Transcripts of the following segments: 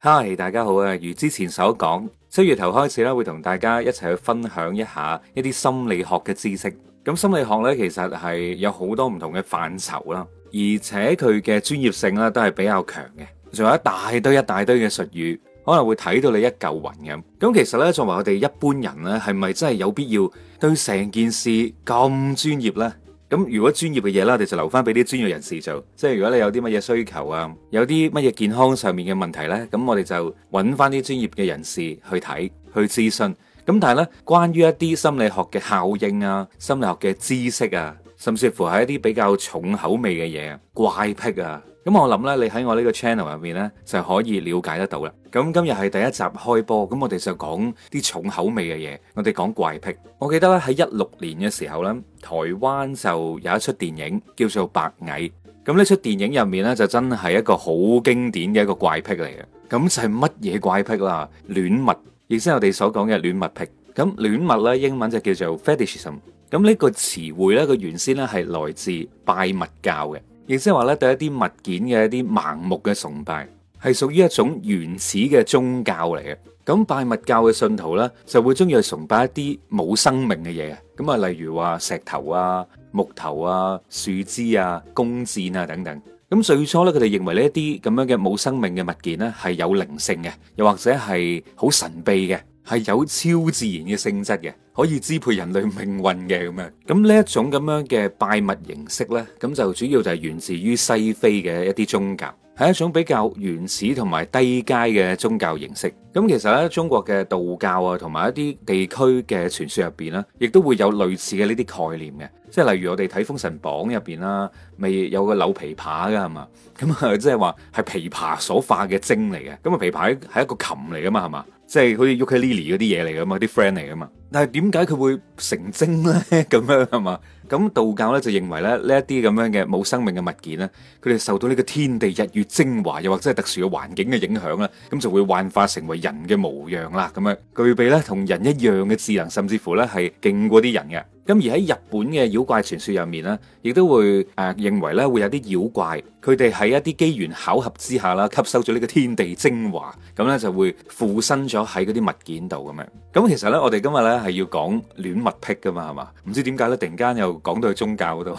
嗨，Hi, 大家好啊！如之前所講，七月頭開始啦，會同大家一齊去分享一下一啲心理學嘅知識。咁心理學呢，其實係有好多唔同嘅範疇啦，而且佢嘅專業性呢，都係比較強嘅，仲有一大堆一大堆嘅術語，可能會睇到你一嚿雲咁。咁其實呢，作為我哋一般人呢，係咪真係有必要對成件事咁專業呢？咁如果專業嘅嘢咧，我哋就留翻俾啲專業人士做。即係如果你有啲乜嘢需求啊，有啲乜嘢健康上面嘅問題呢，咁我哋就揾翻啲專業嘅人士去睇、去諮詢。咁但係呢，關於一啲心理學嘅效應啊、心理學嘅知識啊，甚至乎係一啲比較重口味嘅嘢、怪癖啊。咁我諗咧，你喺我呢個 channel 入面呢，就可以了解得到啦。咁今日係第一集開波，咁我哋就講啲重口味嘅嘢，我哋講怪癖。我記得咧，喺一六年嘅時候呢，台灣就有一齣電影叫做《白蟻》。咁呢齣電影入面呢，就真係一個好經典嘅一個怪癖嚟嘅。咁就係乜嘢怪癖啦？戀物，亦即係我哋所講嘅戀物癖。咁戀物呢，英文就叫做 fetishism。咁呢個詞彙呢，佢原先呢係來自拜物教嘅。亦即係話咧，對一啲物件嘅一啲盲目嘅崇拜，係屬於一種原始嘅宗教嚟嘅。咁拜物教嘅信徒咧，就會中意去崇拜一啲冇生命嘅嘢。咁啊，例如話石頭啊、木頭啊、樹枝啊、弓箭啊等等。咁最初咧，佢哋認為呢一啲咁樣嘅冇生命嘅物件咧，係有靈性嘅，又或者係好神秘嘅。係有超自然嘅性質嘅，可以支配人類命運嘅咁樣。咁呢一種咁樣嘅拜物形式呢，咁就主要就係源自於西非嘅一啲宗教，係一種比較原始同埋低階嘅宗教形式。咁其實呢，中國嘅道教啊，同埋一啲地區嘅傳說入邊呢，亦都會有類似嘅呢啲概念嘅。即係例如我哋睇《封神榜》入邊啦，咪有個扭琵琶噶係嘛？咁啊，即係話係琵琶所化嘅精嚟嘅。咁啊，琵琶係一個琴嚟噶嘛？係嘛？即係好似 ukulele 嗰啲嘢嚟噶嘛，啲 friend 嚟噶嘛。但係點解佢會成精咧？咁 樣係嘛？咁道教咧就認為咧，呢一啲咁樣嘅冇生命嘅物件咧，佢哋受到呢個天地日月精華，又或者係特殊嘅環境嘅影響啦，咁就會幻化成為人嘅模樣啦，咁樣具備咧同人一樣嘅智能，甚至乎咧係勁過啲人嘅。咁而喺日本嘅妖怪傳說入面咧，亦都會誒、呃、認為咧會有啲妖怪，佢哋喺一啲機緣巧合之下啦，吸收咗呢個天地精華，咁咧就會附身咗喺嗰啲物件度咁樣。咁、嗯、其實咧，我哋今日咧係要講戀物癖噶嘛，係嘛？唔知點解咧，突然間又講到去宗教嗰度。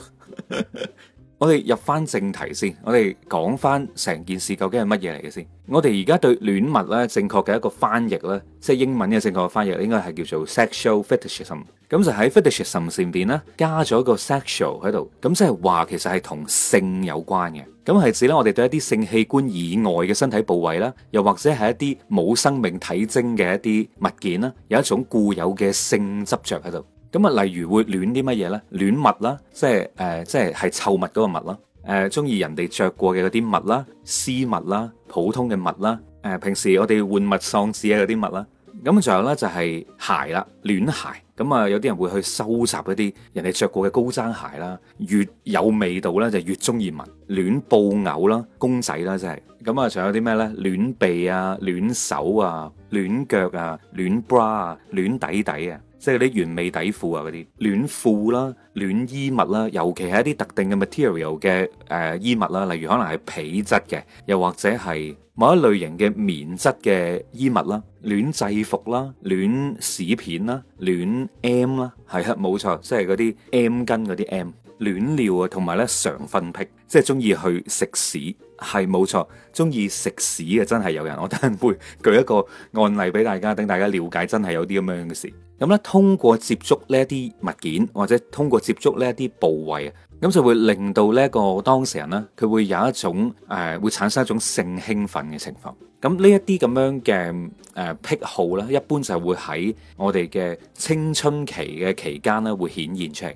我哋入翻正題先，我哋講翻成件事究竟係乜嘢嚟嘅先？我哋而家對戀物咧正確嘅一個翻譯咧，即係英文嘅正確嘅翻譯，應該係叫做 sexual fetishism。咁就喺 fetish，上面咧，加咗個 sexual 喺度，咁即係話其實係同性有關嘅。咁係指咧，我哋對一啲性器官以外嘅身體部位啦，又或者係一啲冇生命體徵嘅一啲物件啦，有一種固有嘅性執著喺度。咁啊，例如會戀啲乜嘢咧？戀襪啦，即係誒，即係係臭襪嗰個襪啦，誒中意人哋著過嘅嗰啲襪啦、絲襪啦、普通嘅襪啦，誒平時我哋換物喪志啊嗰啲物啦。咁仲有咧就係鞋啦，戀鞋。咁啊，有啲人會去收集一啲人哋着過嘅高踭鞋啦，越有味道咧就越中意聞，戀布偶啦，公仔啦、即係，真係。咁啊，仲有啲咩咧？戀鼻啊，戀手啊，戀腳啊，戀 bra 啊，戀底底啊。即係啲原味底褲啊，嗰啲暖褲啦、啊、暖衣物啦、啊，尤其係一啲特定嘅 material 嘅誒、呃、衣物啦、啊，例如可能係皮質嘅，又或者係某一類型嘅棉質嘅衣物啦、啊，暖制服啦、啊、暖屎片啦、啊、暖 M 啦，係啊，冇、啊、錯，即係嗰啲 M 巾、嗰啲 M，暖尿啊，同埋咧常糞癖，即係中意去食屎，係冇錯，中意食屎啊，真係有人，我等陣會舉一個案例俾大家，等大家了解，真係有啲咁樣嘅事。咁咧，通過接觸呢一啲物件，或者通過接觸呢一啲部位，咁就會令到呢一個當事人咧，佢會有一種誒、呃，會產生一種性興奮嘅情況。咁呢一啲咁樣嘅誒癖好咧，一般就係會喺我哋嘅青春期嘅期間咧，會顯現出嚟嘅。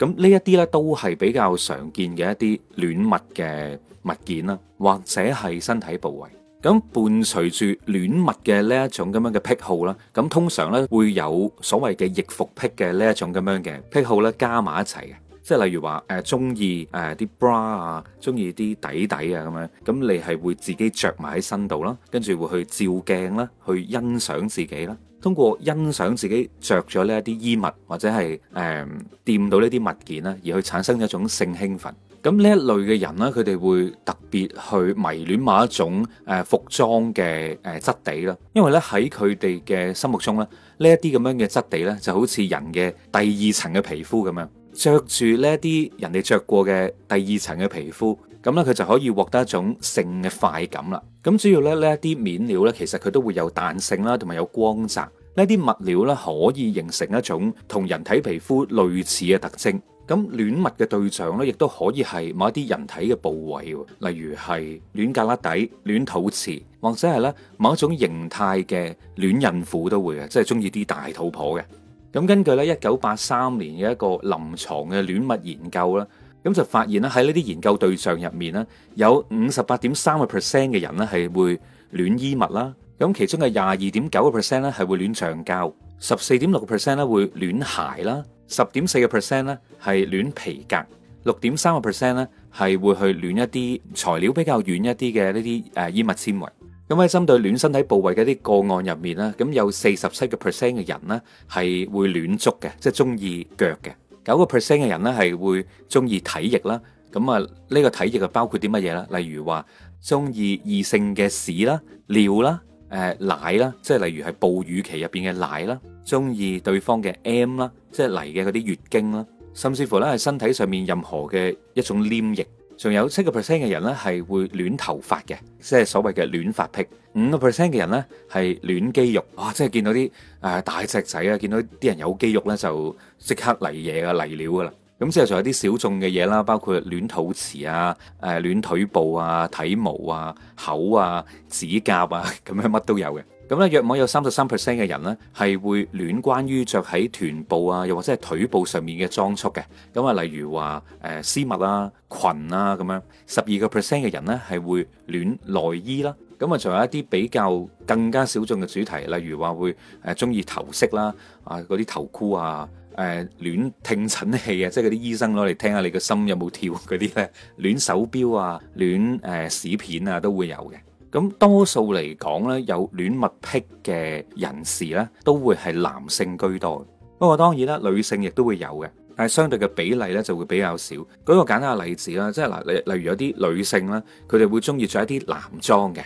咁呢一啲咧，都係比較常見嘅一啲戀物嘅物件啦，或者係身體部位。咁伴隨住戀物嘅呢一種咁樣嘅癖好啦，咁通常呢會有所謂嘅易服癖嘅呢一種咁樣嘅癖好呢，加埋一齊嘅，即係例如話誒中意誒啲 bra 啊，中意啲底底啊咁樣，咁你係會自己着埋喺身度啦，跟住會去照鏡啦，去欣賞自己啦，通過欣賞自己着咗呢一啲衣物或者係誒掂到呢啲物件啦，而去產生一種性興奮。咁呢一類嘅人呢，佢哋會特別去迷戀某一種誒服裝嘅誒質地啦，因為呢，喺佢哋嘅心目中呢，呢一啲咁樣嘅質地呢，就好似人嘅第二層嘅皮膚咁樣，着住呢一啲人哋着過嘅第二層嘅皮膚，咁呢佢就可以獲得一種性嘅快感啦。咁主要咧，呢一啲面料呢，其實佢都會有彈性啦，同埋有光澤，呢啲物料呢，可以形成一種同人體皮膚類似嘅特徵。咁戀物嘅對象咧，亦都可以係某一啲人體嘅部位，例如係戀格拉底、戀肚臍，或者係咧某一種形態嘅戀孕婦都會嘅，即係中意啲大肚婆嘅。咁根據咧一九八三年嘅一個臨床嘅戀物研究啦，咁就發現咧喺呢啲研究對象入面咧，有五十八點三個 percent 嘅人咧係會戀衣物啦，咁其中嘅廿二點九個 percent 咧係會戀橡膠，十四點六個 percent 咧會戀鞋啦。十點四個 percent 咧係戀皮革，六點三個 percent 咧係會去戀一啲材料比較軟一啲嘅呢啲誒衣物纖維。咁喺針對戀身體部位嘅一啲個案入面咧，咁有四十七個 percent 嘅人咧係會戀足嘅，即係中意腳嘅。九個 percent 嘅人咧係會中意體液啦。咁啊呢個體液啊包括啲乜嘢啦？例如話中意異性嘅屎啦、尿啦、誒奶啦，即係例如係哺乳期入邊嘅奶啦，中意對方嘅 M 啦。即係嚟嘅嗰啲月經啦，甚至乎咧係身體上面任何嘅一種黏液，仲有七個 percent 嘅人咧係會戀頭髮嘅，即係所謂嘅戀髮癖；五個 percent 嘅人咧係戀肌肉，哇、哦！即係見到啲誒、呃、大隻仔啊，見到啲人有肌肉咧就即刻嚟嘢啊，嚟料噶啦。咁之後仲有啲小眾嘅嘢啦，包括戀肚臍啊、誒、呃、戀腿部啊、體毛啊、口啊、指甲啊，咁樣乜都有嘅。咁咧，約摸有三十三 percent 嘅人咧，係會戀關於着喺臀部啊，又或者係腿部上面嘅裝束嘅。咁啊，例如話誒絲襪啊、裙啊咁樣，十二個 percent 嘅人咧，係會戀內衣啦。咁啊，仲有一啲比較更加小眾嘅主題，例如話會誒中意頭飾啦，啊嗰啲頭箍啊，誒、呃、戀聽診器啊，即係嗰啲醫生攞嚟聽下你個心有冇跳嗰啲咧，戀手錶啊，戀誒、呃、屎片啊，都會有嘅。咁多數嚟講呢，有戀物癖嘅人士呢，都會係男性居多。不過當然啦，女性亦都會有嘅，但係相對嘅比例呢就會比較少。舉個簡單嘅例子啦，即係嗱，例例如有啲女性啦，佢哋會中意着一啲男裝嘅，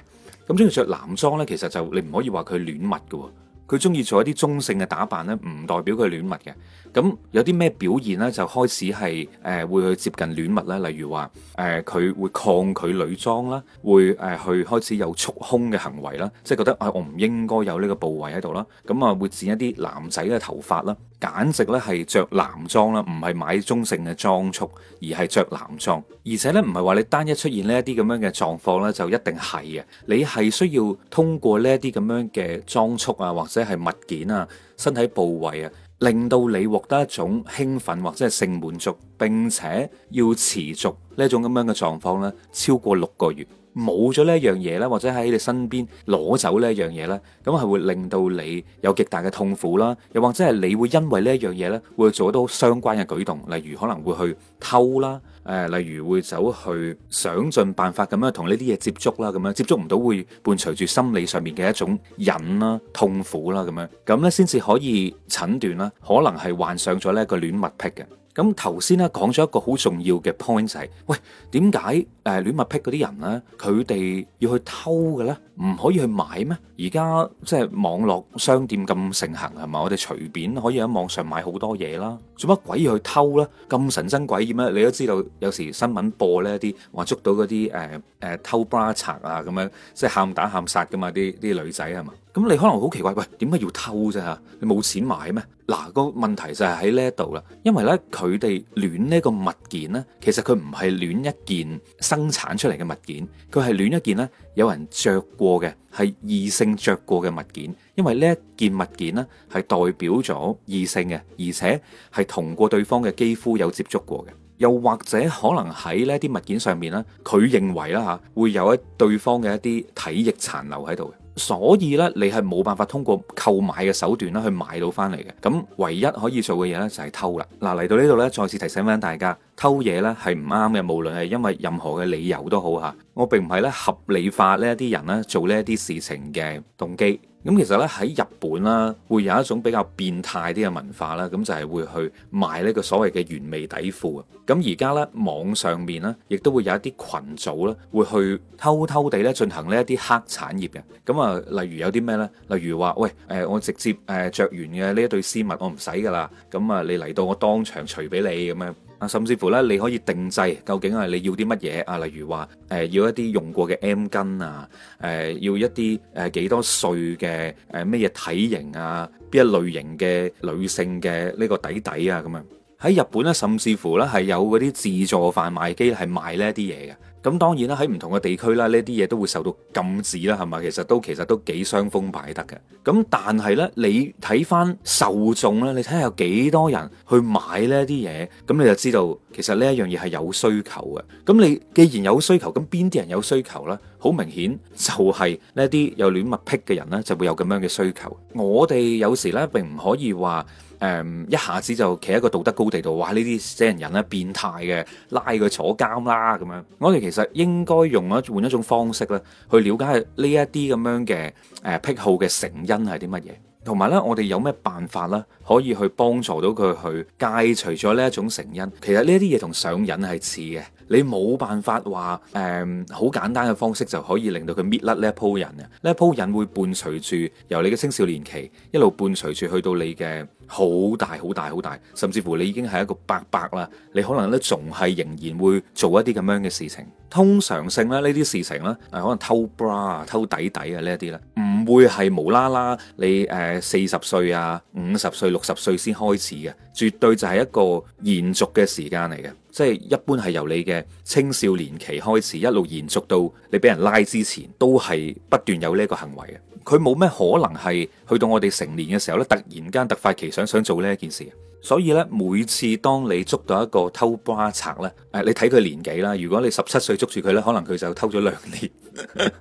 咁中意着男裝呢，其實就你唔可以話佢戀物嘅。佢中意做一啲中性嘅打扮呢，唔代表佢戀物嘅。咁有啲咩表現呢？就開始係誒、呃、會去接近戀物啦。例如話誒，佢、呃、會抗拒女裝啦，會誒去、呃、開始有束胸嘅行為啦，即係覺得啊，我唔應該有呢個部位喺度啦。咁啊，會剪一啲男仔嘅頭髮啦。簡直咧係着男裝啦，唔係買中性嘅裝束，而係着男裝。而且咧唔係話你單一出現呢一啲咁樣嘅狀況咧，就一定係嘅。你係需要通過呢一啲咁樣嘅裝束啊，或者係物件啊、身體部位啊，令到你獲得一種興奮或者係性滿足，並且要持續呢種咁樣嘅狀況咧，超過六個月。冇咗呢一樣嘢咧，或者喺你身邊攞走呢一樣嘢咧，咁係會令到你有極大嘅痛苦啦，又或者係你會因為呢一樣嘢呢，會做多相關嘅舉動，例如可能會去偷啦，誒、呃，例如會走去想盡辦法咁樣同呢啲嘢接觸啦，咁樣接觸唔到會伴隨住心理上面嘅一種忍啦、痛苦啦咁樣，咁呢，先至可以診斷啦，可能係患上咗呢一個戀物癖嘅。咁頭先咧講咗一個好重要嘅 point 就係、是，喂，點解誒戀物癖嗰啲人咧，佢哋要去偷嘅咧，唔可以去買咩？而家即係網絡商店咁盛行係嘛，我哋隨便可以喺網上買好多嘢啦，做乜鬼要去偷咧？咁神憎鬼厭咧，你都知道有時新聞播咧啲話捉到嗰啲誒誒偷 bra 賊啊咁樣，即係喊打喊殺噶嘛，啲啲女仔係嘛？咁你可能好奇怪，喂，點解要偷啫？嚇，你冇錢買咩？嗱，個問題就係喺呢一度啦。因為咧，佢哋戀呢個物件咧，其實佢唔係戀一件生產出嚟嘅物件，佢係戀一件咧有人着過嘅，係異性着過嘅物件。因為呢一件物件咧，係代表咗異性嘅，而且係同過對方嘅肌膚有接觸過嘅，又或者可能喺呢一啲物件上面咧，佢認為啦、啊、嚇，會有一對方嘅一啲體液殘留喺度。所以咧，你係冇辦法通過購買嘅手段咧去買到翻嚟嘅。咁唯一可以做嘅嘢呢，就係偷啦。嗱，嚟到呢度呢，再次提醒翻大家，偷嘢呢係唔啱嘅。無論係因為任何嘅理由都好嚇，我並唔係咧合理化呢一啲人咧做呢一啲事情嘅動機。咁其實咧喺日本啦，會有一種比較變態啲嘅文化啦，咁就係會去賣呢個所謂嘅原味底褲啊。咁而家咧網上面咧，亦都會有一啲群組咧，會去偷偷地咧進行呢一啲黑產業嘅。咁啊，例如有啲咩咧？例如話，喂，誒我直接誒著完嘅呢一對絲襪，我唔使㗎啦。咁啊，你嚟到我當場除俾你咁樣。甚至乎咧，你可以定製究竟係，你要啲乜嘢啊？例如話，誒、呃，要一啲用過嘅 M 巾啊，誒、呃，要一啲誒幾多歲嘅誒乜嘢體型啊？邊一類型嘅女性嘅呢個底底啊？咁樣喺日本咧，甚至乎咧係有嗰啲自助販賣機係賣呢啲嘢嘅。咁當然啦，喺唔同嘅地區啦，呢啲嘢都會受到禁止啦，係嘛？其實都其實都幾傷風敗德嘅。咁但係呢，你睇翻受眾呢，你睇下有幾多人去買呢啲嘢，咁你就知道其實呢一樣嘢係有需求嘅。咁你既然有需求，咁邊啲人有需求呢？好明顯就係呢啲有戀物癖嘅人呢，就會有咁樣嘅需求。我哋有時呢，並唔可以話。誒，一下子就企喺個道德高地度，話呢啲死人人咧變態嘅，拉佢坐監啦咁樣。我哋其實應該用一換一種方式咧，去了解下呢一啲咁樣嘅誒、呃、癖好嘅成因係啲乜嘢，同埋咧我哋有咩辦法咧可以去幫助到佢去戒除咗呢一種成因。其實呢一啲嘢同上癮係似嘅。你冇辦法話誒，好簡單嘅方式就可以令到佢搣甩呢一鋪人啊！呢一鋪人會伴隨住由你嘅青少年期一路伴隨住去到你嘅好大好大好大，甚至乎你已經係一個伯伯啦，你可能咧仲係仍然會做一啲咁樣嘅事情。通常性咧呢啲事情咧，可能偷 bra 偷底底啊呢啲咧，唔會係無啦啦你誒四十歲啊、五十歲、六十歲先開始嘅。絕對就係一個延續嘅時間嚟嘅，即係一般係由你嘅青少年期開始，一路延續到你俾人拉之前，都係不斷有呢一個行為嘅。佢冇咩可能係去到我哋成年嘅時候咧，突然間突發奇想，想做呢一件事。所以咧，每次當你捉到一個偷瓜賊咧，誒，你睇佢年紀啦。如果你十七歲捉住佢咧，可能佢就偷咗兩年。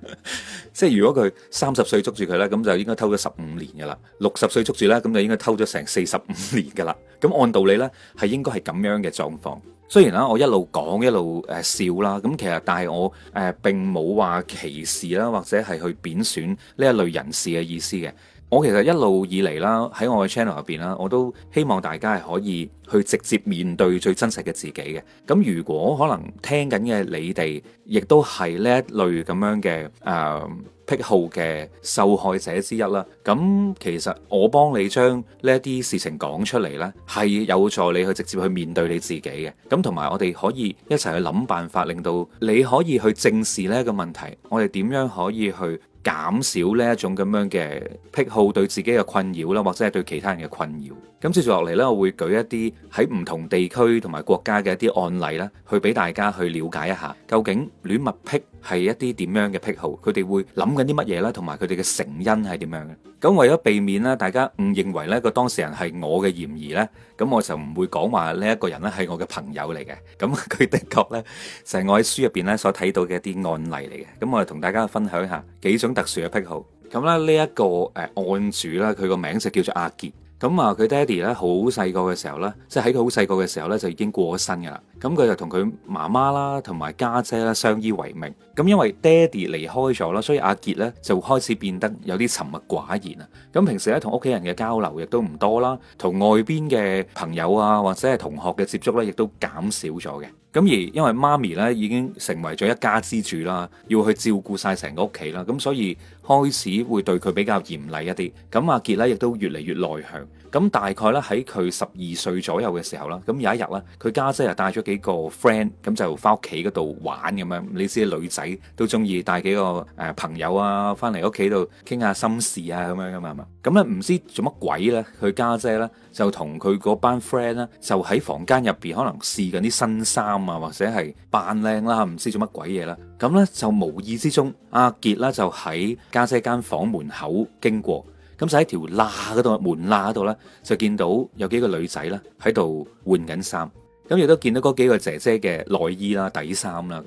即係如果佢三十歲捉住佢咧，咁就應該偷咗十五年噶啦。六十歲捉住咧，咁就應該偷咗成四十五年噶啦。咁按道理咧，係應該係咁樣嘅狀況。雖然啦，我一路講一路誒笑啦，咁其實但係我誒、呃、並冇話歧視啦，或者係去貶損呢一類人士嘅意思嘅。我其實一路以嚟啦，喺我嘅 channel 入邊啦，我都希望大家係可以去直接面對最真實嘅自己嘅。咁如果可能聽緊嘅你哋，亦都係呢一類咁樣嘅誒、呃、癖好嘅受害者之一啦。咁其實我幫你將呢一啲事情講出嚟呢，係有助你去直接去面對你自己嘅。咁同埋我哋可以一齊去諗辦法，令到你可以去正視呢個問題。我哋點樣可以去？減少呢一種咁樣嘅癖好，對自己嘅困擾啦，或者係對其他人嘅困擾。咁接住落嚟呢，我會舉一啲喺唔同地區同埋國家嘅一啲案例咧，去俾大家去了解一下，究竟戀物癖係一啲點樣嘅癖好？佢哋會諗緊啲乜嘢呢？同埋佢哋嘅成因係點樣咧？咁為咗避免咧，大家誤認為呢個當事人係我嘅嫌疑呢，咁我就唔會講話呢一個人咧係我嘅朋友嚟嘅。咁佢的確呢，就係我喺書入邊咧所睇到嘅一啲案例嚟嘅。咁我就同大家分享下幾種特殊嘅癖好。咁咧呢一個誒案主呢，佢個名就叫做阿傑。咁啊，佢爹哋咧好細個嘅時候呢，即係喺佢好細個嘅時候呢，就已經過咗身噶啦。咁佢就同佢媽媽啦，同埋家姐啦相依為命。咁因為爹哋離開咗啦，所以阿傑呢就開始變得有啲沉默寡言啊。咁平時咧同屋企人嘅交流亦都唔多啦，同外邊嘅朋友啊或者係同學嘅接觸呢亦都減少咗嘅。咁而因為媽咪呢已經成為咗一家之主啦，要去照顧晒成個屋企啦，咁所以。開始會對佢比較嚴厲一啲，咁阿傑咧亦都越嚟越內向。咁大概咧喺佢十二歲左右嘅時候啦，咁有一日啦，佢家姐啊帶咗幾個 friend 咁就翻屋企嗰度玩咁樣。你知女仔都中意帶幾個誒朋友啊，翻嚟屋企度傾下心事啊咁樣噶嘛，係嘛？咁咧唔知做乜鬼咧，佢家姐咧就同佢嗰班 friend 咧就喺房間入邊可能試緊啲新衫啊，或者係扮靚啦，唔知做乜鬼嘢啦。咁咧就無意之中，阿杰啦就喺家姐間房門口經過。咁就喺條罅嗰度，門罅嗰度咧，就見到有幾個女仔啦，喺度換緊衫。咁亦都見到嗰幾個姐姐嘅內衣啦、底衫啦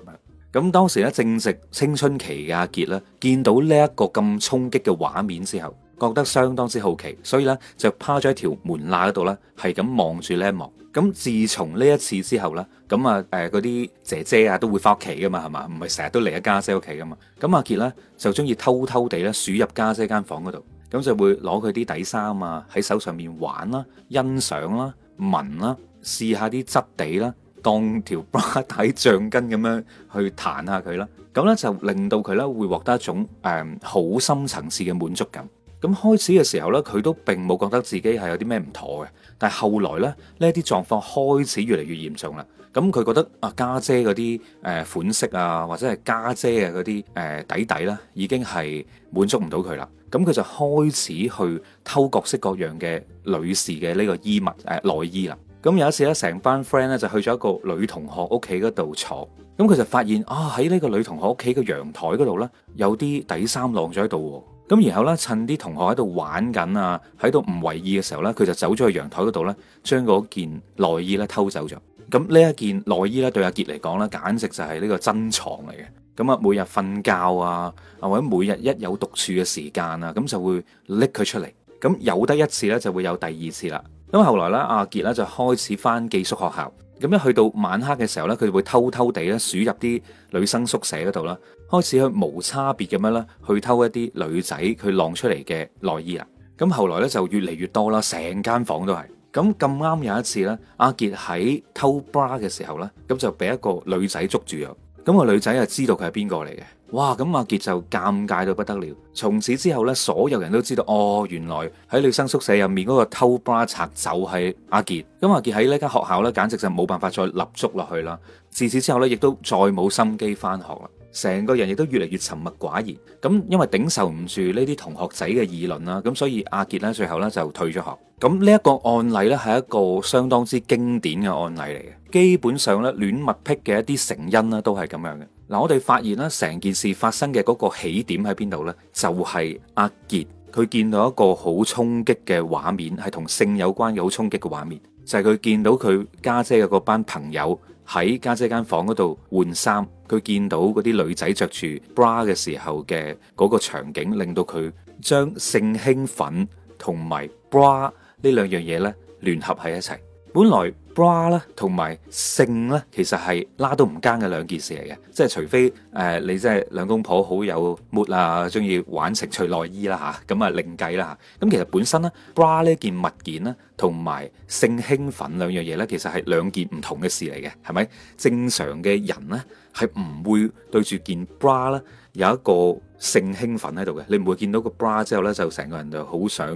咁樣。咁當時咧正值青春期嘅阿傑咧，見到呢一個咁衝擊嘅畫面之後，覺得相當之好奇，所以咧就趴咗喺條門罅嗰度咧，係咁望住呢一幕。咁自從呢一次之後咧，咁啊誒嗰啲姐姐啊都會翻屋企噶嘛，係嘛？唔係成日都嚟阿家姐屋企噶嘛。咁阿傑咧就中意偷偷地咧鼠入家姐間房嗰度。咁就會攞佢啲底衫啊，喺手上面玩啦、啊、欣賞啦、啊、聞啦、啊、試下啲質地啦、啊，當條 bra 帶橡筋咁樣去彈下佢啦、啊。咁咧就令到佢咧會獲得一種誒好、嗯、深層次嘅滿足感。咁開始嘅時候咧，佢都並冇覺得自己係有啲咩唔妥嘅，但係後來咧，呢啲狀況開始越嚟越嚴重啦。咁佢覺得啊家姐嗰啲誒款式啊，或者係家姐嘅嗰啲誒底底咧，已經係滿足唔到佢啦。咁佢就開始去偷各式各樣嘅女士嘅呢個衣物誒、呃、內衣啦。咁有一次咧，成班 friend 咧就去咗一個女同學屋企嗰度坐。咁佢就發現啊，喺呢個女同學屋企嘅陽台嗰度咧，有啲底衫晾咗喺度。咁然後咧，趁啲同學喺度玩緊啊，喺度唔為意嘅時候咧，佢就走咗去陽台嗰度咧，將嗰件內衣咧偷走咗。咁呢一件內衣咧，對阿傑嚟講咧，簡直就係呢個珍藏嚟嘅。咁啊，每日瞓覺啊，或者每日一有獨處嘅時間啊，咁就會拎佢出嚟。咁有得一次咧，就會有第二次啦。咁後來咧，阿傑咧就開始返寄宿學校。咁一去到晚黑嘅時候咧，佢就會偷偷地咧鼠入啲女生宿舍嗰度啦，開始去無差別咁樣咧，去偷一啲女仔佢晾出嚟嘅內衣啦。咁後來咧就越嚟越多啦，成間房都係。咁咁啱有一次呢，阿杰喺偷 bra 嘅時候呢，咁就俾一個女仔捉住咗。咁個女仔就知道佢係邊個嚟嘅，哇！咁阿杰就尷尬到不得了。從此之後呢，所有人都知道哦，原來喺女生宿舍入面嗰個偷 bra 賊就係阿杰。咁阿杰喺呢間學校呢，簡直就冇辦法再立足落去啦。自此之後呢，亦都再冇心機返學啦。成個人亦都越嚟越沉默寡言，咁因為頂受唔住呢啲同學仔嘅議論啦，咁所以阿杰咧最後呢就退咗學。咁呢一個案例呢係一個相當之經典嘅案例嚟嘅，基本上呢戀物癖嘅一啲成因呢都係咁樣嘅。嗱，我哋發現呢成件事發生嘅嗰個起點喺邊度呢？就係、是、阿杰，佢見到一個好衝擊嘅畫面，係同性有關嘅好衝擊嘅畫面，就係、是、佢見到佢家姐嘅嗰班朋友。喺家姐間房度換衫，佢見到啲女仔着住 bra 嘅時候嘅個場景，令到佢將性興奮同埋 bra 呢兩樣嘢咧聯合喺一齊。本來 bra 咧同埋性咧，其實係拉都唔奸嘅兩件事嚟嘅，即係除非誒、呃、你真係兩公婆好有 mood 啊，中意玩情趣內衣啦嚇，咁啊另計啦嚇。咁、啊、其實本身咧 bra 呢件物件咧，同埋性興奮兩樣嘢咧，其實係兩件唔同嘅事嚟嘅，係咪？正常嘅人咧，係唔會對住件 bra 咧。有一個性興奮喺度嘅，你唔會見到個 bra 之後呢，就成個人就好想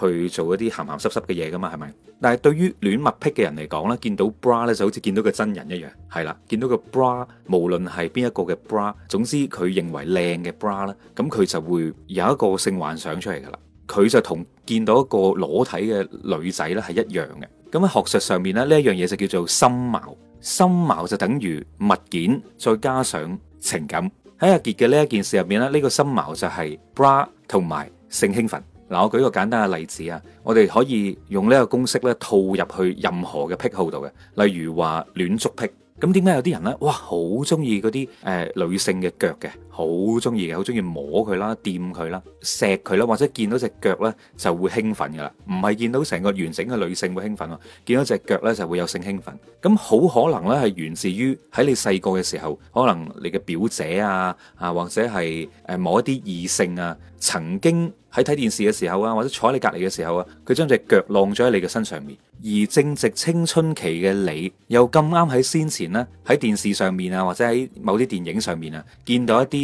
去做一啲鹹鹹濕濕嘅嘢噶嘛，係咪？但係對於戀物癖嘅人嚟講呢，見到 bra 呢就好似見到個真人一樣，係啦，見到個 bra，無論係邊一個嘅 bra，總之佢認為靚嘅 bra 呢，咁佢就會有一個性幻想出嚟噶啦。佢就同見到一個裸體嘅女仔呢係一樣嘅。咁喺學術上面呢，呢一樣嘢就叫做心錨。心錨就等於物件再加上情感。喺阿杰嘅呢一件事入邊咧，呢、這個心矛就係 bra 同埋性興奮。嗱，我舉個簡單嘅例子啊，我哋可以用呢個公式咧，套入去任何嘅癖好度嘅，例如話戀足癖。咁點解有啲人咧，哇，好中意嗰啲誒女性嘅腳嘅？好中意，嘅好中意摸佢啦、掂佢啦、錫佢啦，或者見到隻腳咧就會興奮噶啦。唔係見到成個完整嘅女性會興奮啊，見到隻腳咧就會有性興奮，咁好可能咧係源自於喺你細個嘅時候，可能你嘅表姐啊啊，或者係誒某一啲異性啊，曾經喺睇電視嘅時候啊，或者坐喺你隔離嘅時候啊，佢將隻腳晾咗喺你嘅身上面。而正值青春期嘅你，又咁啱喺先前咧喺電視上面啊，或者喺某啲電影上面啊，見到一啲。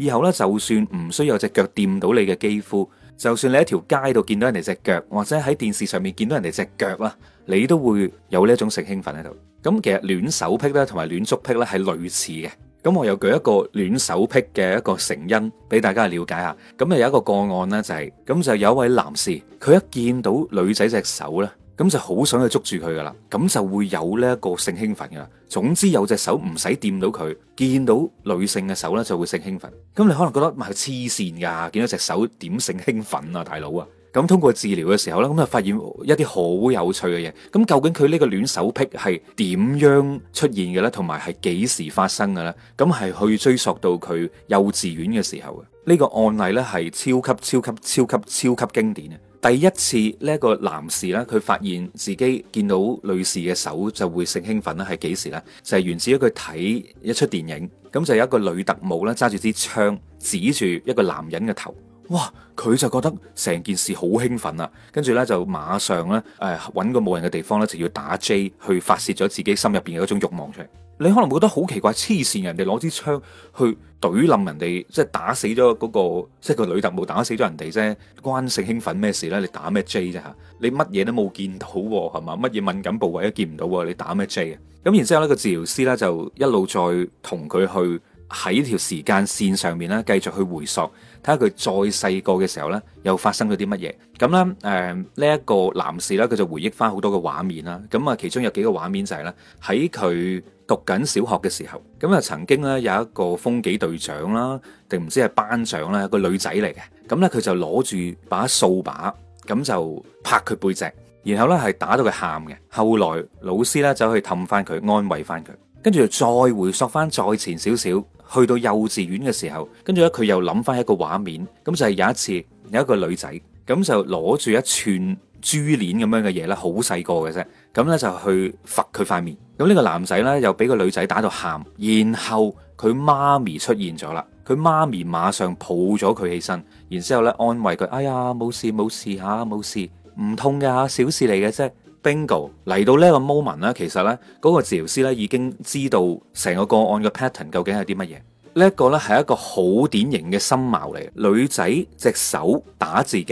以後咧，就算唔需要隻腳掂到你嘅肌膚，就算你喺條街度見到人哋隻腳，或者喺電視上面見到人哋隻腳啦，你都會有呢一種性興奮喺度。咁其實戀手癖咧，同埋戀足癖咧係類似嘅。咁我又舉一個戀手癖嘅一個成因俾大家瞭解下。咁啊有一個個案咧就係、是，咁就有一位男士，佢一見到女仔隻手咧。咁就好想去捉住佢噶啦，咁就會有呢一個性興奮噶啦。總之有隻手唔使掂到佢，見到女性嘅手呢就會性興奮。咁你可能覺得，咪黐線噶，見到隻手點性興奮啊，大佬啊！咁通過治療嘅時候呢，咁啊發現一啲好有趣嘅嘢。咁究竟佢呢個戀手癖係點樣出現嘅呢？同埋係幾時發生嘅呢？咁係去追溯到佢幼稚園嘅時候啊？呢、呢個案例呢，係超級超級超級超級，超級經典啊！第一次呢、呢個男士呢，佢發現自己見到女士嘅手就會性興奮咧，係幾時呢？就係、是、源自於佢睇一出電影，咁就有一個女特務咧揸住支槍指住一個男人嘅頭，哇！佢就覺得成件事好興奮啊，跟住呢，就馬上呢，誒、呃、揾個冇人嘅地方呢，就要打 J 去發泄咗自己心入邊嘅一種慾望出嚟。你可能會覺得好奇怪，黐線人哋攞支槍去懟冧人哋，即係打死咗嗰個，即係個女特務打死咗人哋啫，關性興奮咩事呢？你打咩 J 啫？嚇，你乜嘢都冇見到係嘛？乜嘢敏感部位都見唔到，你打咩 J 啊？咁然之後呢個治療師呢，就一路再同佢去喺條時間線上面咧繼續去回溯。睇下佢再細個嘅時候呢，又發生咗啲乜嘢？咁咧，誒呢一個男士呢，佢就回憶翻好多嘅畫面啦。咁啊，其中有幾個畫面就係呢，喺佢讀緊小學嘅時候，咁啊曾經呢，有一個風紀隊長啦，定唔知係班長啦，一個女仔嚟嘅。咁呢，佢就攞住把掃把，咁就拍佢背脊，然後呢，係打到佢喊嘅。後來老師呢，走去氹翻佢，安慰翻佢，跟住再回溯翻再前少少。去到幼稚園嘅時候，跟住咧佢又諗翻一個畫面，咁就係有一次有一個女仔，咁就攞住一串珠鏈咁樣嘅嘢咧，好細個嘅啫，咁咧就去揈佢塊面，咁呢個男仔咧又俾個女仔打到喊，然後佢媽咪出現咗啦，佢媽咪馬上抱咗佢起身，然之後咧安慰佢，哎呀，冇事冇事嚇，冇事，唔痛嘅嚇，小事嚟嘅啫。Bingo，嚟到呢一個 moment 啦，其實呢，嗰、那個治療師呢已經知道成個個案嘅 pattern 究竟係啲乜嘢。這個、呢一個呢係一個好典型嘅心錨嚟，女仔隻手打自己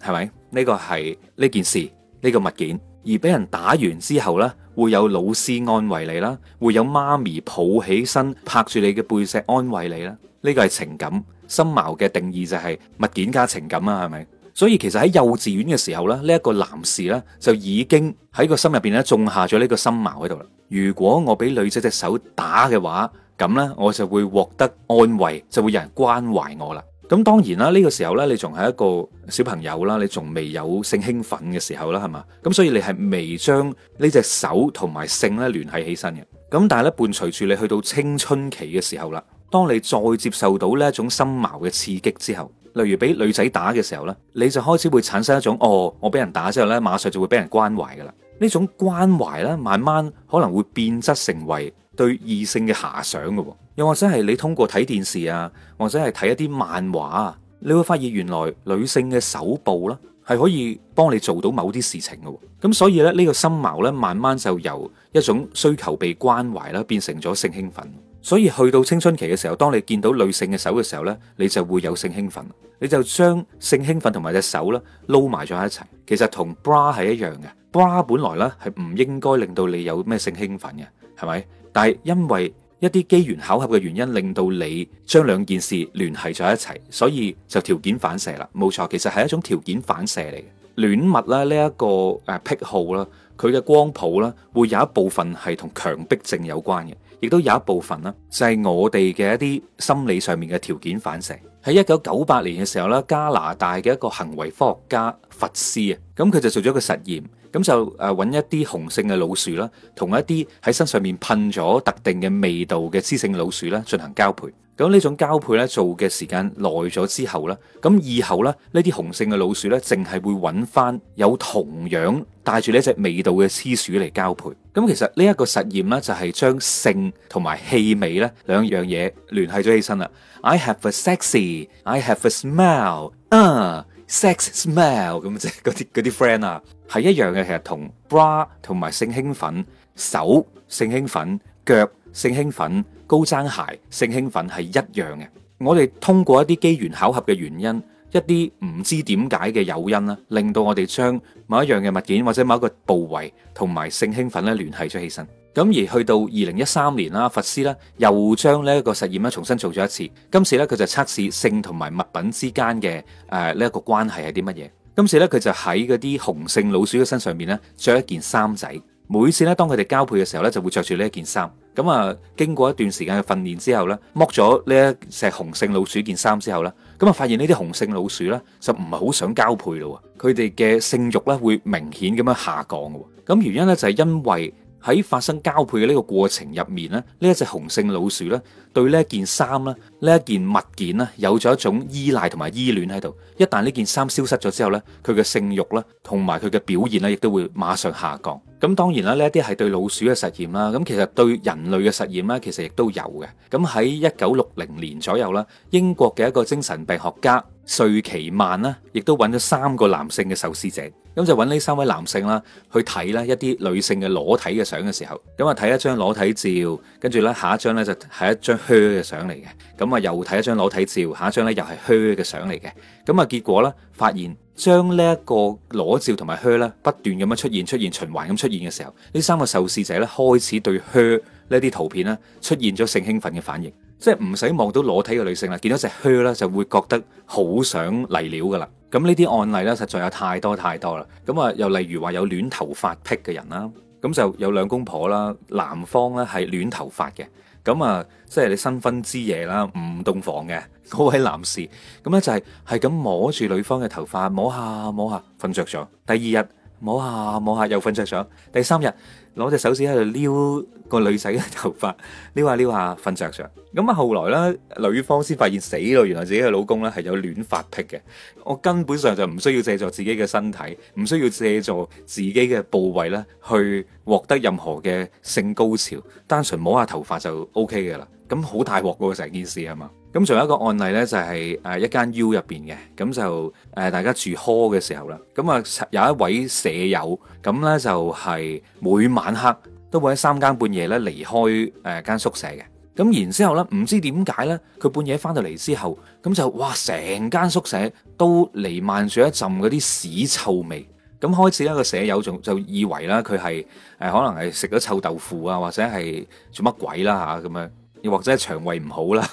係咪？呢、這個係呢件事呢、這個物件，而俾人打完之後呢，會有老師安慰你啦，會有媽咪抱起身拍住你嘅背脊安慰你啦。呢、這個係情感，心錨嘅定義就係物件加情感啦，係咪？所以其實喺幼稚園嘅時候咧，呢、這、一個男士呢，就已經喺個心入邊咧種下咗呢個心錨喺度啦。如果我俾女仔隻手打嘅話，咁呢，我就會獲得安慰，就會有人關懷我啦。咁當然啦，呢、這個時候呢，你仲係一個小朋友啦，你仲未有性興奮嘅時候啦，係嘛？咁所以你係未將呢隻手同埋性咧聯繫起身嘅。咁但係咧伴隨住你去到青春期嘅時候啦，當你再接受到呢一種心錨嘅刺激之後。例如俾女仔打嘅時候呢，你就開始會產生一種哦，我俾人打之後呢，馬上就會俾人關懷噶啦。呢種關懷呢，慢慢可能會變質成為對異性嘅遐想噶喎。又或者係你通過睇電視啊，或者係睇一啲漫畫啊，你會發現原來女性嘅手部啦，係可以幫你做到某啲事情噶喎。咁所以咧，呢、這個心錨呢，慢慢就由一種需求被關懷啦，變成咗性興奮。所以去到青春期嘅時候，當你見到女性嘅手嘅時候呢，你就會有性興奮，你就將性興奮同埋隻手咧撈埋咗一齊。其實同 bra 係一樣嘅，bra 本來呢係唔應該令到你有咩性興奮嘅，係咪？但係因為一啲機緣巧合嘅原因，令到你將兩件事聯繫咗一齊，所以就條件反射啦。冇錯，其實係一種條件反射嚟嘅。戀物啦，呢一個誒癖好啦，佢嘅光譜啦，會有一部分係同強迫症有關嘅。亦都有一部分啦，就係我哋嘅一啲心理上面嘅條件反射。喺一九九八年嘅時候咧，加拿大嘅一個行為科學家佛斯啊，咁佢就做咗個實驗，咁就誒揾一啲雄性嘅老鼠啦，同一啲喺身上面噴咗特定嘅味道嘅雌性老鼠啦，進行交配。咁呢種交配咧，做嘅時間耐咗之後咧，咁以後咧呢啲雄性嘅老鼠咧，淨係會揾翻有同樣帶住呢一隻味道嘅雌鼠嚟交配。咁、嗯、其實呢一個實驗咧，就係、是、將性同埋氣味咧兩樣嘢聯繫咗起身啦。I have a sexy, I have a smell, 啊、uh, sex smell，咁即係嗰啲啲 friend 啊，係一樣嘅。其實同 bra 同埋性興奮、手性興奮、腳性興奮高踭鞋性興奮係一樣嘅，我哋通過一啲機緣巧合嘅原因，一啲唔知點解嘅誘因啦，令到我哋將某一樣嘅物件或者某一個部位同埋性興奮咧聯繫咗起身。咁而去到二零一三年啦，佛斯啦又將呢一個實驗咧重新做咗一次，今次咧佢就測試性同埋物品之間嘅誒呢一個關係係啲乜嘢？今次咧佢就喺嗰啲雄性老鼠嘅身上面咧着一件衫仔，每次咧當佢哋交配嘅時候咧就會着住呢一件衫。咁啊，經過一段時間嘅訓練之後咧，剝咗呢一隻雄性老鼠件衫之後咧，咁啊，發現呢啲雄性老鼠咧就唔係好想交配咯喎，佢哋嘅性慾咧會明顯咁樣下降嘅喎，咁原因咧就係因為。喺發生交配嘅呢個過程入面咧，呢一隻雄性老鼠咧，對呢一件衫咧，呢一件物件咧，有咗一種依賴同埋依戀喺度。一旦呢件衫消失咗之後呢，佢嘅性慾咧，同埋佢嘅表現咧，亦都會馬上下降。咁當然啦，呢一啲係對老鼠嘅實驗啦。咁其實對人類嘅實驗呢，其實亦都有嘅。咁喺一九六零年左右啦，英國嘅一個精神病學家。瑞奇曼啦，亦都揾咗三個男性嘅受試者，咁、嗯、就揾呢三位男性啦去睇呢一啲女性嘅裸體嘅相嘅時候，咁，啊睇一張裸體照，跟住呢下一張呢，就係、是、一張靴嘅相嚟嘅，咁、嗯、啊又睇一張裸體照，下一張呢又係靴嘅相嚟嘅，咁、嗯、啊結果呢，發現將呢一個裸照同埋靴呢不斷咁樣出現、出現循環咁出現嘅時候，呢三個受試者呢，開始對靴呢啲圖片呢出現咗性興奮嘅反應。即係唔使望到裸體嘅女性啦，見到隻靴咧就會覺得好想嚟料噶啦。咁呢啲案例咧，實在有太多太多啦。咁啊，又例如話有戀頭髮癖嘅人啦，咁就有兩公婆啦，男方咧係戀頭髮嘅。咁啊，即係你新婚之夜啦，唔洞房嘅嗰位男士，咁咧就係係咁摸住女方嘅頭髮，摸下摸下瞓著咗。第二日摸下摸下又瞓著咗。第三日。攞隻手指喺度撩個女仔嘅頭髮，撩下撩下瞓着着。咁啊，後來咧女方先發現死咯，原來自己嘅老公咧係有戀髮癖嘅。我根本上就唔需要借助自己嘅身體，唔需要借助自己嘅部位咧，去獲得任何嘅性高潮，單純摸下頭髮就 OK 嘅啦。咁好大鑊喎，成件事係嘛～是咁仲有一個案例咧，就係、是、誒一間 U 入邊嘅，咁就誒、呃、大家住 hall 嘅時候啦，咁啊有一位舍友，咁咧就係每晚黑都會喺三更半夜咧離開誒、呃、間宿舍嘅，咁然之後咧唔知點解咧，佢半夜翻到嚟之後，咁就哇成間宿舍都瀰漫住一陣嗰啲屎臭味，咁開始咧、那個舍友仲就，就以為啦佢係誒可能係食咗臭豆腐啊，或者係做乜鬼啦嚇咁樣。又或者係腸胃唔好啦，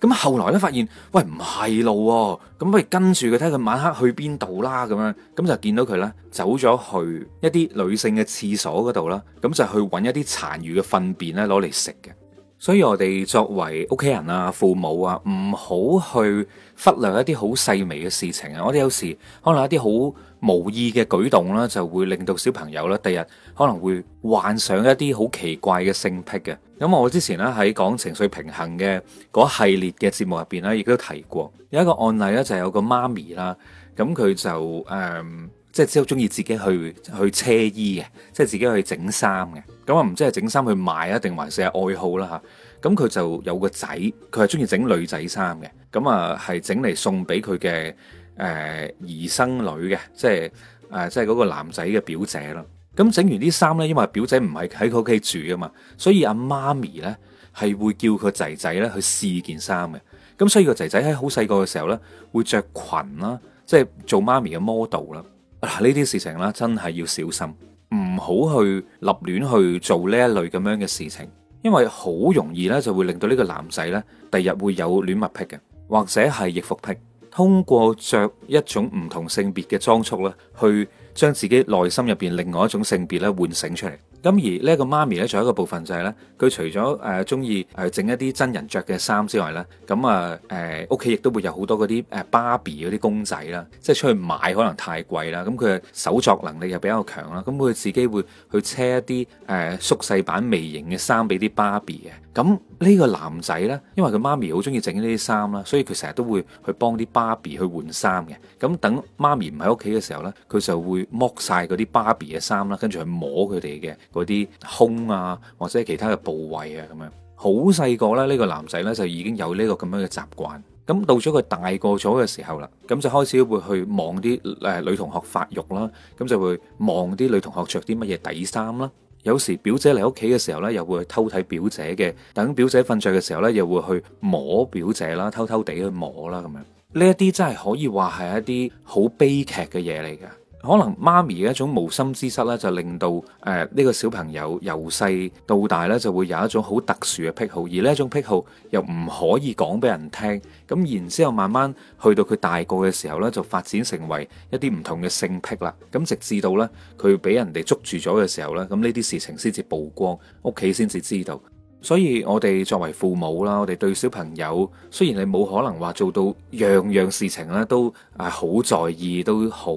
咁 後來咧發現喂唔係路喎，咁不，不如跟住佢睇佢晚黑去邊度啦，咁樣咁就見到佢咧走咗去一啲女性嘅廁所嗰度啦，咁就去揾一啲殘餘嘅糞便咧攞嚟食嘅，所以我哋作為屋企人啊、父母啊，唔好去忽略一啲好細微嘅事情啊，我哋有時可能一啲好。無意嘅舉動咧，就會令到小朋友咧，第日可能會幻想一啲好奇怪嘅性癖嘅。咁我之前咧喺講情緒平衡嘅嗰系列嘅節目入邊咧，亦都提過有一個案例咧，就係有個媽咪啦，咁佢就誒即係都中意自己去去車衣嘅，即係自己去整衫嘅。咁啊，唔知係整衫去賣啊，定還是係愛好啦嚇。咁佢就有個仔，佢係中意整女仔衫嘅，咁啊，係整嚟送俾佢嘅。誒、呃，兒生女嘅，即係誒，即係嗰個男仔嘅表姐啦。咁整完啲衫呢，因為表姐唔係喺佢屋企住啊嘛，所以阿媽咪呢係會叫佢仔仔咧去試件衫嘅。咁所以個仔仔喺好細個嘅時候呢，會着裙啦，即係做媽咪嘅 model 啦。呢、啊、啲事情咧，真係要小心，唔好去立亂去做呢一類咁樣嘅事情，因為好容易呢就會令到呢個男仔呢，第日會有戀物癖嘅，或者係易服癖。通過着一種唔同性別嘅裝束咧，去將自己內心入邊另外一種性別咧喚醒出嚟。咁而呢個媽咪呢，仲有一個部分就係呢：佢除咗誒鍾意誒整一啲真人着嘅衫之外呢，咁啊誒屋企亦都會有好多嗰啲誒芭比嗰啲公仔啦，即係出去買可能太貴啦，咁佢嘅手作能力又比較強啦，咁、呃、佢自己會去車一啲誒縮細版微型嘅衫俾啲芭比嘅。咁呢個男仔呢，因為佢媽咪好中意整呢啲衫啦，所以佢成日都會去幫啲芭比去換衫嘅。咁等媽咪唔喺屋企嘅時候呢，佢就會剝晒嗰啲芭比嘅衫啦，跟住去摸佢哋嘅嗰啲胸啊，或者其他嘅部位啊咁樣。好細個咧，呢個男仔呢就已經有呢個咁樣嘅習慣。咁到咗佢大個咗嘅時候啦，咁就開始會去望啲誒女同學發育啦，咁就會望啲女同學着啲乜嘢底衫啦。有時表姐嚟屋企嘅時候呢，又會去偷睇表姐嘅；等表姐瞓着嘅時候呢，又會去摸表姐啦，偷偷地去摸啦，咁樣呢一啲真係可以話係一啲好悲劇嘅嘢嚟嘅。可能媽咪嘅一種無心之失咧，就令到誒呢、呃呢個小朋友由細到大咧，就會有一種好特殊嘅癖好，而呢一種癖好又唔可以講俾人聽，咁然之後慢慢去到佢大個嘅時候咧，就發展成為一啲唔同嘅性癖啦，咁直至到咧佢俾人哋捉住咗嘅時候咧，咁呢啲事情先至曝光，屋企先至知道。所以我哋作為父母啦，我哋對小朋友雖然你冇可能話做到樣樣事情咧都啊好在意，都好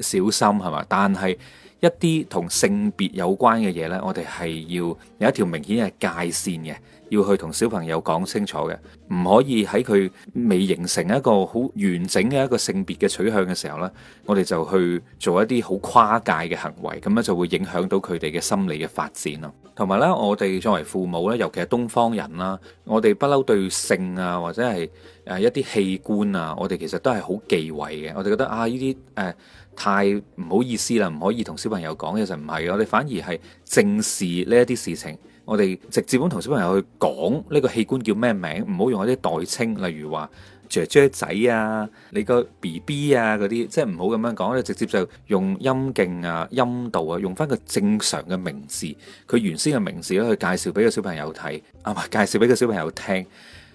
小心係嘛，但係一啲同性別有關嘅嘢呢，我哋係要有一條明顯嘅界線嘅。要去同小朋友講清楚嘅，唔可以喺佢未形成一個好完整嘅一個性別嘅取向嘅時候呢，我哋就去做一啲好跨界嘅行為，咁樣就會影響到佢哋嘅心理嘅發展啦。同埋呢，我哋作為父母呢，尤其係東方人啦，我哋不嬲對性啊，或者係誒一啲器官啊，我哋其實都係好忌諱嘅。我哋覺得啊，呢啲誒太唔好意思啦，唔可以同小朋友講嘅，其實唔係，我哋反而係正視呢一啲事情。我哋直接咁同小朋友去講呢個器官叫咩名，唔好用一啲代稱，例如話姐姐仔啊、你個 B B 啊嗰啲，即係唔好咁樣講，我哋直接就用陰莖啊、陰道啊，用翻個正常嘅名字，佢原先嘅名字咧去介紹俾個小朋友睇，啊唔係介紹俾個小朋友聽。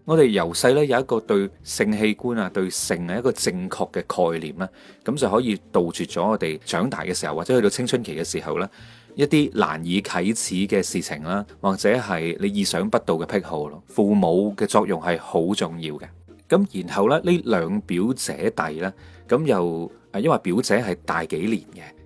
我哋由細咧有一個對性器官啊、對性係一個正確嘅概念啦，咁就可以杜絕咗我哋長大嘅時候或者去到青春期嘅時候咧。一啲難以啟齒嘅事情啦，或者係你意想不到嘅癖好咯。父母嘅作用係好重要嘅。咁然後咧，呢兩表姐弟呢，咁又誒，因為表姐係大幾年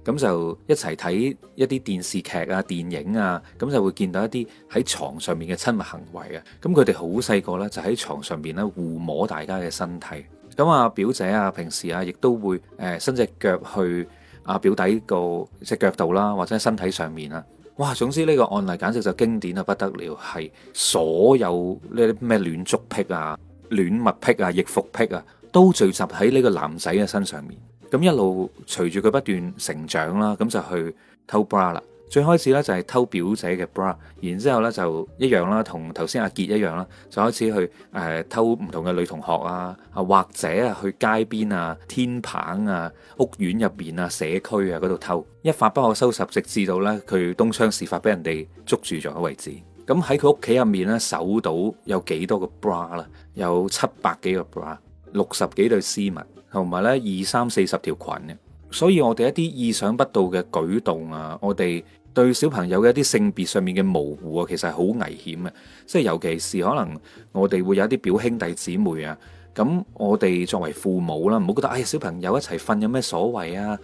嘅，咁就一齊睇一啲電視劇啊、電影啊，咁就會見到一啲喺床上面嘅親密行為啊。咁佢哋好細個呢，就喺床上面咧互摸大家嘅身體。咁啊，表姐啊，平時啊，亦都會誒、呃、伸隻腳去，啊表弟個隻腳度啦，或者身體上面啦。哇！總之呢個案例簡直就經典啊，不得了，係所有呢啲咩戀足癖啊、戀物癖啊、易服癖啊，都聚集喺呢個男仔嘅身上面。咁一路隨住佢不斷成長啦、啊，咁就去偷 bra 啦。最開始咧就係偷表姐嘅 bra，然之後咧就一樣啦，同頭先阿杰一樣啦，就開始去誒、呃、偷唔同嘅女同學啊，或者啊去街邊啊、天棚啊、屋苑入邊啊、社區啊嗰度偷。一發不可收拾，直至到咧佢東窗事發，俾人哋捉住咗為止。咁喺佢屋企入面咧，搜到有幾多，多個 bra 咧？有七百幾個 bra，六十幾對絲襪，同埋咧二三四十條裙嘅。所以我哋一啲意想不到嘅舉動啊，我哋。對小朋友嘅一啲性別上面嘅模糊啊，其實係好危險嘅，即係尤其是可能我哋會有啲表兄弟姊妹啊，咁我哋作為父母啦，唔好覺得哎，小朋友一齊瞓有咩所謂啊，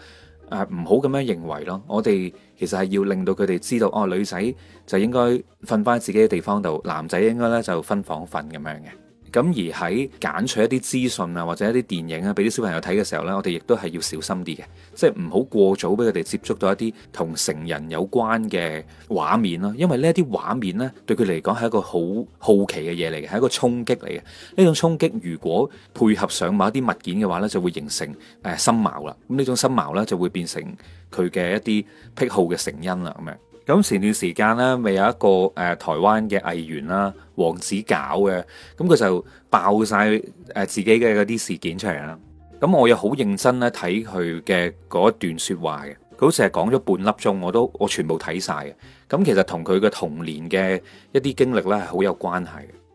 誒，唔好咁樣認為咯，我哋其實係要令到佢哋知道哦，女仔就應該瞓返自己嘅地方度，男仔應該咧就分房瞓咁樣嘅。咁而喺揀取一啲資訊啊，或者一啲電影啊，俾啲小朋友睇嘅時候呢，我哋亦都係要小心啲嘅，即係唔好過早俾佢哋接觸到一啲同成人有關嘅畫面咯。因為呢一啲畫面呢，對佢嚟講係一個好好奇嘅嘢嚟嘅，係一個衝擊嚟嘅。呢種衝擊如果配合上某一啲物件嘅話呢，就會形成誒心錨啦。咁呢種心錨呢，就會變成佢嘅一啲癖好嘅成因啦，咁樣。咁前段時間咧，咪有一個誒、呃、台灣嘅藝員啦，王子搞嘅，咁、嗯、佢就爆晒誒、呃、自己嘅嗰啲事件出嚟啦。咁、嗯、我又好認真咧睇佢嘅嗰一段説話嘅，佢好似係講咗半粒鐘，我都我全部睇晒嘅、嗯。咁其實同佢嘅童年嘅一啲經歷咧係好有關係。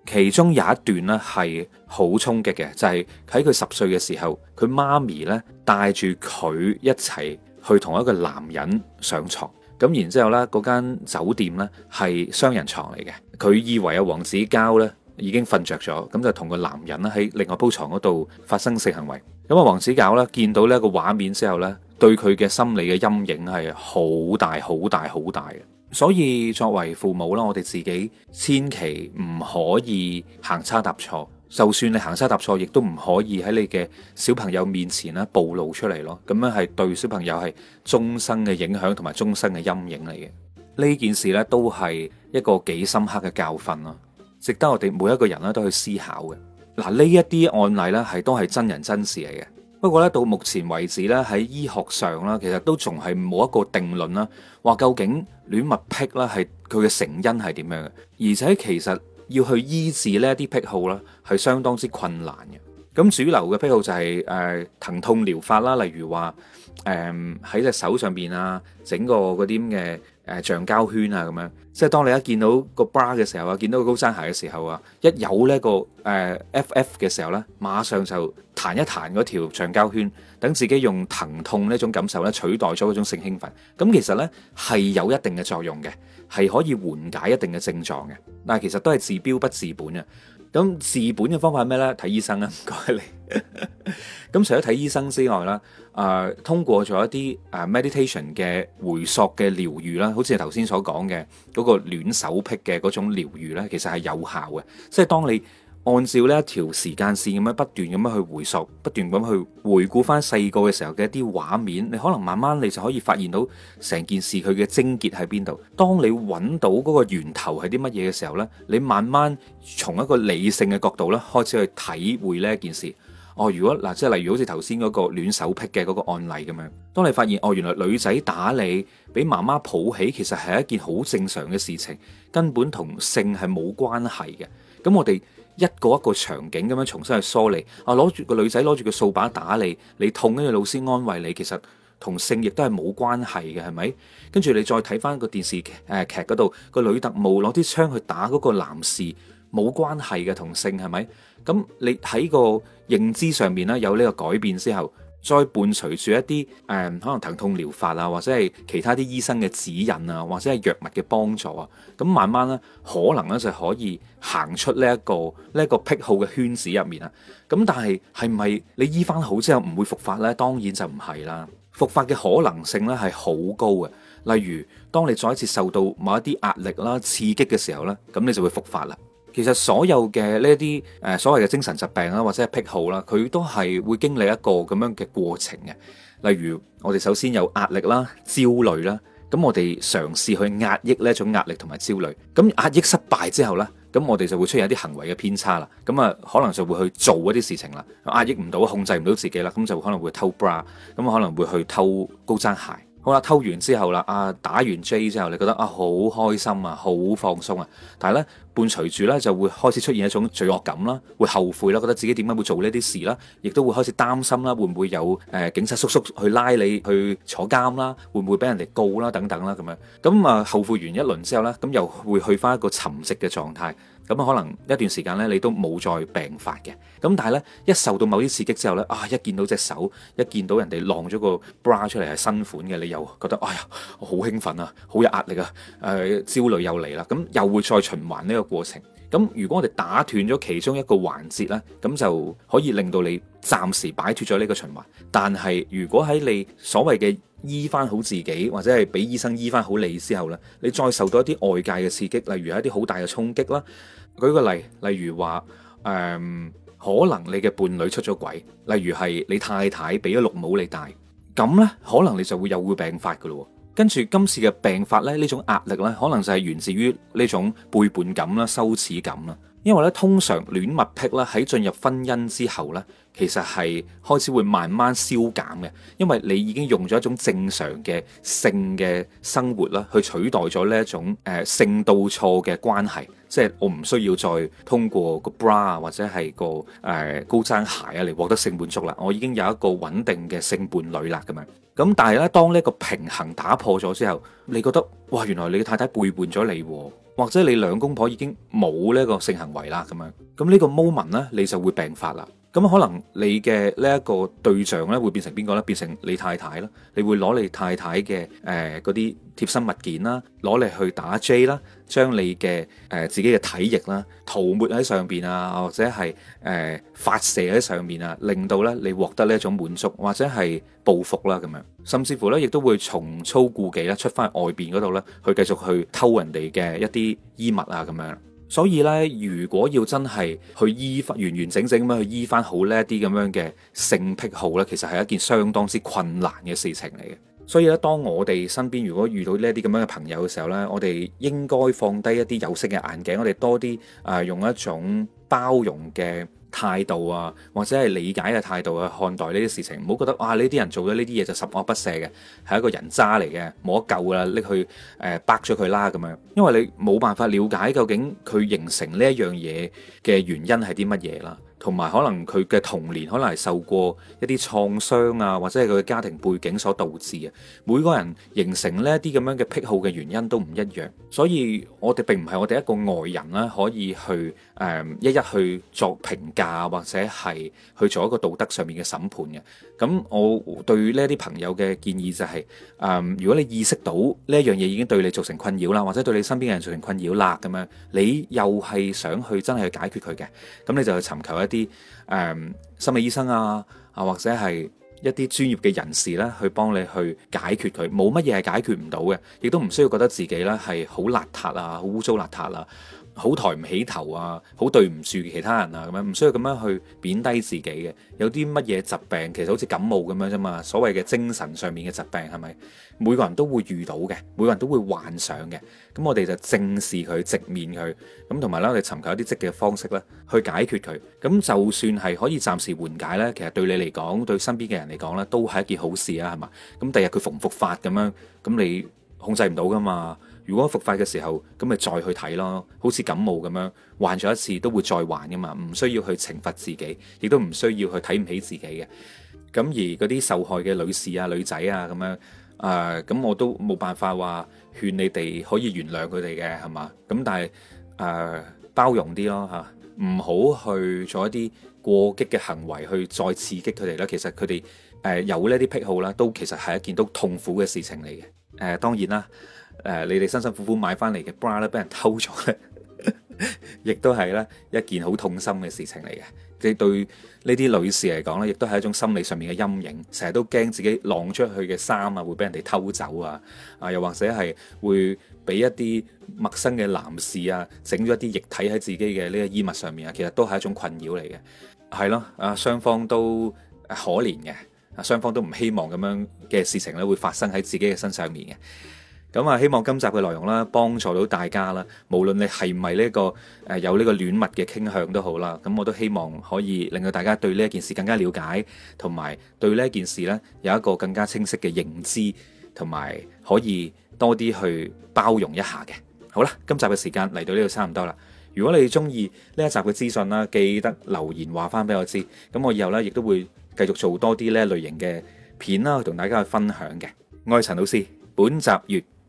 其中有一段咧係好衝擊嘅，就係喺佢十歲嘅時候，佢媽咪咧帶住佢一齊去同一個男人上床。咁然之後呢，嗰間酒店呢係雙人床嚟嘅。佢以為阿黃子佼呢已經瞓着咗，咁就同個男人咧喺另外鋪床嗰度發生性行為。咁啊，黃子佼呢，見到呢一個畫面之後呢，對佢嘅心理嘅陰影係好大、好大、好大嘅。所以作為父母啦，我哋自己千祈唔可以行差踏錯。就算你行差踏錯，亦都唔可以喺你嘅小朋友面前啦暴露出嚟咯。咁樣係對小朋友係終生嘅影響同埋終生嘅陰影嚟嘅。呢件事咧都係一個幾深刻嘅教訓咯，值得我哋每一個人咧都去思考嘅。嗱，呢一啲案例咧係都係真人真事嚟嘅。不過咧，到目前為止咧，喺醫學上啦，其實都仲係冇一個定論啦，話究竟戀物癖啦係佢嘅成因係點樣嘅，而且其實。要去醫治呢啲癖好啦，係相當之困難嘅。咁主流嘅癖好就係誒疼痛療法啦，例如話誒喺隻手上邊啊，整個嗰啲嘅誒橡膠圈啊咁樣。即係當你一見到個 bra 嘅時候啊，見到個高踭鞋嘅時候啊，一有呢個誒 ff 嘅時候呢，馬上就彈一彈嗰條橡膠圈，等自己用疼痛呢種感受呢取代咗嗰種性興奮。咁其實呢，係有一定嘅作用嘅，係可以緩解一定嘅症狀嘅。但係其實都係治標不治本啊！咁治本嘅方法係咩呢？睇醫生啊，唔該你。咁 除咗睇醫生之外啦，啊、呃，通過咗一啲啊 meditation 嘅回溯嘅療愈啦，好似頭先所講嘅嗰個暖手癖嘅嗰種療愈呢，其實係有效嘅，即係當你。按照呢一條時間線咁樣不斷咁樣去回溯，不斷咁去回顧翻細個嘅時候嘅一啲畫面，你可能慢慢你就可以發現到成件事佢嘅癥結喺邊度。當你揾到嗰個源頭係啲乜嘢嘅時候呢，你慢慢從一個理性嘅角度咧開始去體會呢一件事。哦，如果嗱，即係例如好似頭先嗰個戀手癖嘅嗰個案例咁樣，當你發現哦，原來女仔打你俾媽媽抱起，其實係一件好正常嘅事情，根本同性係冇關係嘅。咁我哋。一個一個場景咁樣重新去梳理，啊攞住個女仔攞住個掃把打你，你痛，跟住老師安慰你，其實同性亦都係冇關係嘅，係咪？跟住你再睇翻個電視劇誒劇嗰度，個女特務攞啲槍去打嗰個男士，冇關係嘅，同性係咪？咁你喺個認知上面咧有呢個改變之後。再伴隨住一啲誒、呃，可能疼痛療法啊，或者係其他啲醫生嘅指引啊，或者係藥物嘅幫助啊，咁慢慢呢，可能呢就可以行出呢一個呢一個癖好嘅圈子入面啊。咁但係係咪你醫翻好之後唔會復發呢？當然就唔係啦，復發嘅可能性呢係好高嘅。例如當你再一次受到某一啲壓力啦、刺激嘅時候呢，咁你就會復發啦。其實所有嘅呢一啲誒，所謂嘅精神疾病啦，或者係癖好啦，佢都係會經歷一個咁樣嘅過程嘅。例如，我哋首先有壓力啦、焦慮啦，咁我哋嘗試去壓抑呢種壓力同埋焦慮。咁壓抑失敗之後呢，咁我哋就會出現一啲行為嘅偏差啦。咁啊，可能就會去做一啲事情啦。壓抑唔到，控制唔到自己啦，咁就可能會偷 bra，咁可能會去偷高踭鞋。好啦，偷完之後啦，啊打完 J 之後，你覺得啊好開心啊，好放鬆啊，但係咧伴隨住咧就會開始出現一種罪惡感啦，會後悔啦，覺得自己點解會做呢啲事啦，亦都會開始擔心啦，會唔會有誒、呃、警察叔叔去拉你去坐監啦，會唔會俾人哋告啦等等啦咁樣，咁啊後悔完一輪之後咧，咁又會去翻一個沉寂嘅狀態。咁可能一段時間咧，你都冇再病發嘅。咁但係咧，一受到某啲刺激之後咧，啊，一見到隻手，一見到人哋晾咗個 bra 出嚟係新款嘅，你又覺得哎呀，好興奮啊，好有壓力啊，誒、呃，焦慮又嚟啦。咁、啊、又會再循環呢個過程。咁、啊、如果我哋打斷咗其中一個環節呢，咁就可以令到你暫時擺脱咗呢個循環。但係如果喺你所謂嘅醫翻好自己，或者係俾醫生醫翻好你之後呢，你再受到一啲外界嘅刺激，例如一啲好大嘅衝擊啦。舉個例，例如話誒、呃，可能你嘅伴侶出咗軌，例如係你太太俾咗綠帽你戴，咁呢可能你就會有會病發噶咯。跟住今次嘅病發呢，呢種壓力呢，可能就係源自於呢種背叛感啦、羞恥感啦。因為咧，通常戀物癖咧喺進入婚姻之後呢，其實係開始會慢慢消減嘅，因為你已經用咗一種正常嘅性嘅生活啦，去取代咗呢一種誒、呃、性倒錯嘅關係。即係我唔需要再通過個 bra 或者係、個誒、呃、高踭鞋啊嚟獲得性滿足啦，我已經有一個穩定嘅性伴侶啦咁樣。咁但係呢，當呢一個平衡打破咗之後，你覺得哇，原來你嘅太太背叛咗你喎、啊。或者你兩公婆已經冇呢個性行為啦，咁樣，咁呢個 moment 咧，你就會病發啦。咁可能你嘅呢一個對象咧會變成邊個咧？變成你太太啦，你會攞你太太嘅誒嗰啲貼身物件啦，攞嚟去打 J 啦，將你嘅誒自己嘅體液啦塗抹喺上邊啊，或者係誒、呃、發射喺上邊啊，令到咧你獲得呢一種滿足，或者係報復啦咁樣，甚至乎呢亦都會重操故技啦，出翻去外邊嗰度呢，去繼續去偷人哋嘅一啲衣物啊咁樣。所以咧，如果要真係去醫翻完完整整咁樣去醫翻好呢一啲咁樣嘅性癖好呢，其實係一件相當之困難嘅事情嚟嘅。所以咧，當我哋身邊如果遇到呢啲咁樣嘅朋友嘅時候呢，我哋應該放低一啲有色嘅眼鏡，我哋多啲啊、呃、用一種包容嘅態度啊，或者係理解嘅態度去、啊、看待呢啲事情，唔好覺得哇呢啲人做咗呢啲嘢就十惡不赦嘅，係一個人渣嚟嘅，冇得救啦！拎去誒，百咗佢啦咁樣，因為你冇辦法了解究竟佢形成呢一樣嘢嘅原因係啲乜嘢啦。同埋可能佢嘅童年可能係受過一啲創傷啊，或者係佢嘅家庭背景所導致嘅。每個人形成呢一啲咁樣嘅癖好嘅原因都唔一樣，所以我哋並唔係我哋一個外人啦，可以去誒、嗯、一一去作評價或者係去做一個道德上面嘅審判嘅。咁我對呢一啲朋友嘅建議就係、是、誒、嗯，如果你意識到呢一樣嘢已經對你造成困擾啦，或者對你身邊嘅人造成困擾啦，咁樣你又係想去真係去解決佢嘅，咁你就去尋求一。啲誒、嗯、心理醫生啊，啊或者係一啲專業嘅人士咧，去幫你去解決佢，冇乜嘢係解決唔到嘅，亦都唔需要覺得自己咧係好邋遢啊，好污糟邋遢啊。好抬唔起頭啊，好對唔住其他人啊，咁樣唔需要咁樣去貶低自己嘅。有啲乜嘢疾病，其實好似感冒咁樣啫嘛。所謂嘅精神上面嘅疾病係咪？每個人都會遇到嘅，每個人都會幻想嘅。咁我哋就正視佢，直面佢。咁同埋咧，我哋尋求一啲積極方式咧，去解決佢。咁就算係可以暫時緩解呢，其實對你嚟講，對身邊嘅人嚟講呢，都係一件好事啊，係嘛？咁第日佢復唔復發咁樣，咁你控制唔到噶嘛？如果復發嘅時候，咁咪再去睇咯。好似感冒咁樣，患咗一次都會再患㗎嘛，唔需要去懲罰自己，亦都唔需要去睇唔起自己嘅。咁而嗰啲受害嘅女士啊、女仔啊咁樣，啊、呃、咁我都冇辦法話勸你哋可以原諒佢哋嘅，係嘛？咁但係啊、呃，包容啲咯吓，唔好去做一啲過激嘅行為去再刺激佢哋啦。其實佢哋誒有呢啲癖好啦，都其實係一件都痛苦嘅事情嚟嘅。誒、呃、當然啦。誒，你哋辛辛苦苦買翻嚟嘅 bra 咧，俾人偷咗咧，亦都係咧一件好痛心嘅事情嚟嘅。你對呢啲女士嚟講咧，亦都係一種心理上面嘅陰影，成日都驚自己晾出去嘅衫啊，會俾人哋偷走啊，啊，又或者係會俾一啲陌生嘅男士啊，整咗一啲液體喺自己嘅呢個衣物上面啊，其實都係一種困擾嚟嘅。係咯，啊，雙方都可憐嘅，啊，雙方都唔希望咁樣嘅事情咧，會發生喺自己嘅身上面嘅。咁啊，希望今集嘅內容啦，幫助到大家啦。無論你係唔係呢個誒有呢個戀物嘅傾向都好啦，咁我都希望可以令到大家對呢一件事更加了解，同埋對呢一件事呢有一個更加清晰嘅認知，同埋可以多啲去包容一下嘅。好啦，今集嘅時間嚟到呢度差唔多啦。如果你中意呢一集嘅資訊啦，記得留言話翻俾我知。咁我以後呢，亦都會繼續做多啲呢類型嘅片啦，同大家去分享嘅。我係陳老師，本集完。